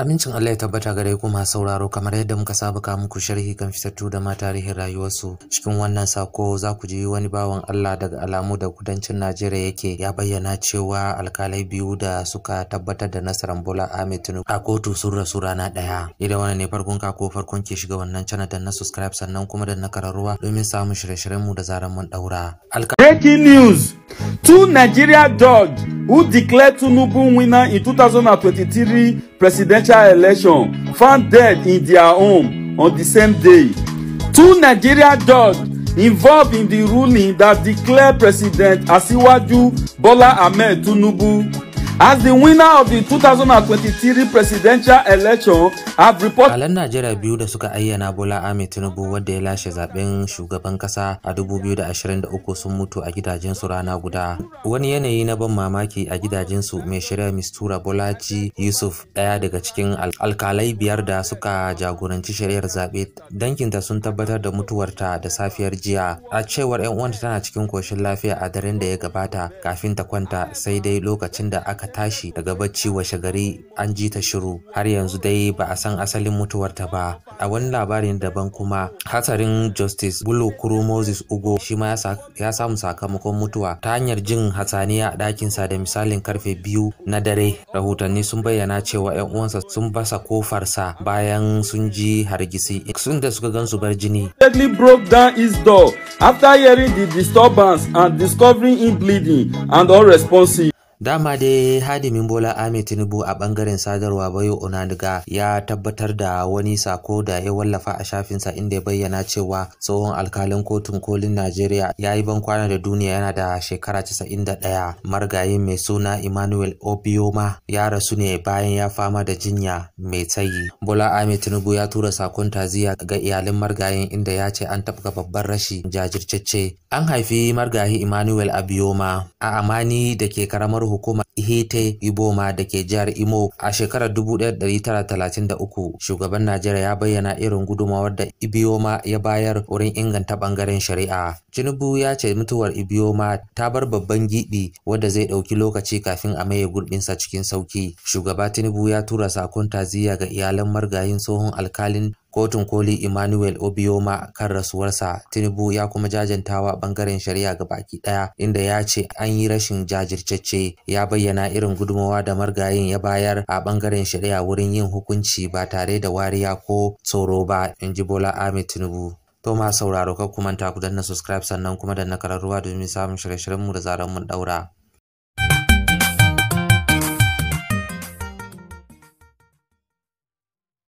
Amincin Allah ya tabbata gare ku masu sauraro kamar yadda muka saba ka muku sharhi kan fitattu da ma tarihin rayuwarsu cikin wannan sako za ku ji wani bawan Allah daga alamu da kudancin Najeriya yake ya bayyana cewa alkalai biyu da suka tabbatar da nasarar Bola Ahmed Tinubu a kotu sun rasu rana ɗaya. Idan wannan ne farkon ka ko farkon ke shiga wannan channel dan na subscribe sannan kuma da na kararruwa domin samun shirye-shiryen mu da zaran mun daura. Breaking news: Two Nigeria dogs who declared Tunubu winner in 2023 presidential election, found dead in their home on the same day. Two Nigerian judges involved in the ruling that declared President Asiwaju Bola Ahmed Tunubu As the winner of the 2023 presidential election have reported. Alan Najeriya biyu da suka ayyana Bola Ahmed Tinubu wanda ya lashe zaben shugaban kasa a 2023 sun mutu a gidajensu rana guda. Wani yanayi na ban mamaki a gidajensu mai shirya Mistura Bolaji Yusuf ɗaya daga cikin alkalai biyar da suka jagoranci shari'ar zaɓe. Dankinta sun tabbatar da mutuwarta da safiyar jiya. A cewar 'yan uwanta tana cikin koshin lafiya a daren da ya gabata kafin ta kwanta sai dai lokacin da aka tashi daga bacci washe gari an ji ta shiru har yanzu dai ba a san asalin mutuwarta ba a wani labarin daban kuma hatsarin justice bulu kuru moses ugo shi ma ya samu sakamakon mutuwa ta hanyar jin hatsaniya a ɗakinsa da misalin karfe biyu na dare rahotanni sun bayyana cewa 'yan uwansa sun basa kofarsa bayan sun ji hargitsi sun da suka gan su bar jini broke down his door after hearing the disturbance and discovering him bleeding and unresponsive Dama dai hadimin Bola Ahmed Tinubu a bangaren sadarwa Bayo Onaniga ya tabbatar da wani sako da ya wallafa a shafinsa inda ya bayyana cewa tsohon alkalin kotun kolin Najeriya ya yi bankwana da duniya yana da shekara 91 margayin mai suna Emmanuel Obioma ya rasu ne bayan ya fama da jinya mai tsayi. Bola Ahmed Tinubu ya tura sakon taziya ga iyalin margayin inda ya ce an tafka babban rashi jajirtacce. An haifi margayi Emmanuel Abioma a Amani da ke karamar hukumar Ihete Iboma da ke jihar Imo a shekarar 1933 shugaban Najeriya ya bayyana irin gudumawar da Ibioma ya bayar wurin inganta bangaren shari'a. Tinubu ya ce mutuwar Ibioma ta bar babban giɓi wanda zai ɗauki lokaci kafin a maye gurbinsa cikin sauki. Shugaba Tinubu ya tura sakon taziya ga iyalan margayin tsohon alkalin Kotun koli Emmanuel Obioma kan rasuwarsa Tinubu ya kuma jajantawa bangaren shari'a ga baki daya inda ya ce an yi rashin jajirtacce ya bayyana irin gudumawa da margayin ya bayar a bangaren shari'a wurin yin hukunci ba tare da wariya ko tsoro ba inji Bola Ahmed Tinubu. To ma sauraro ka kuma ta ku danna subscribe sannan kuma danna kararruwa domin samun shirye-shiryenmu da zaran mun daura.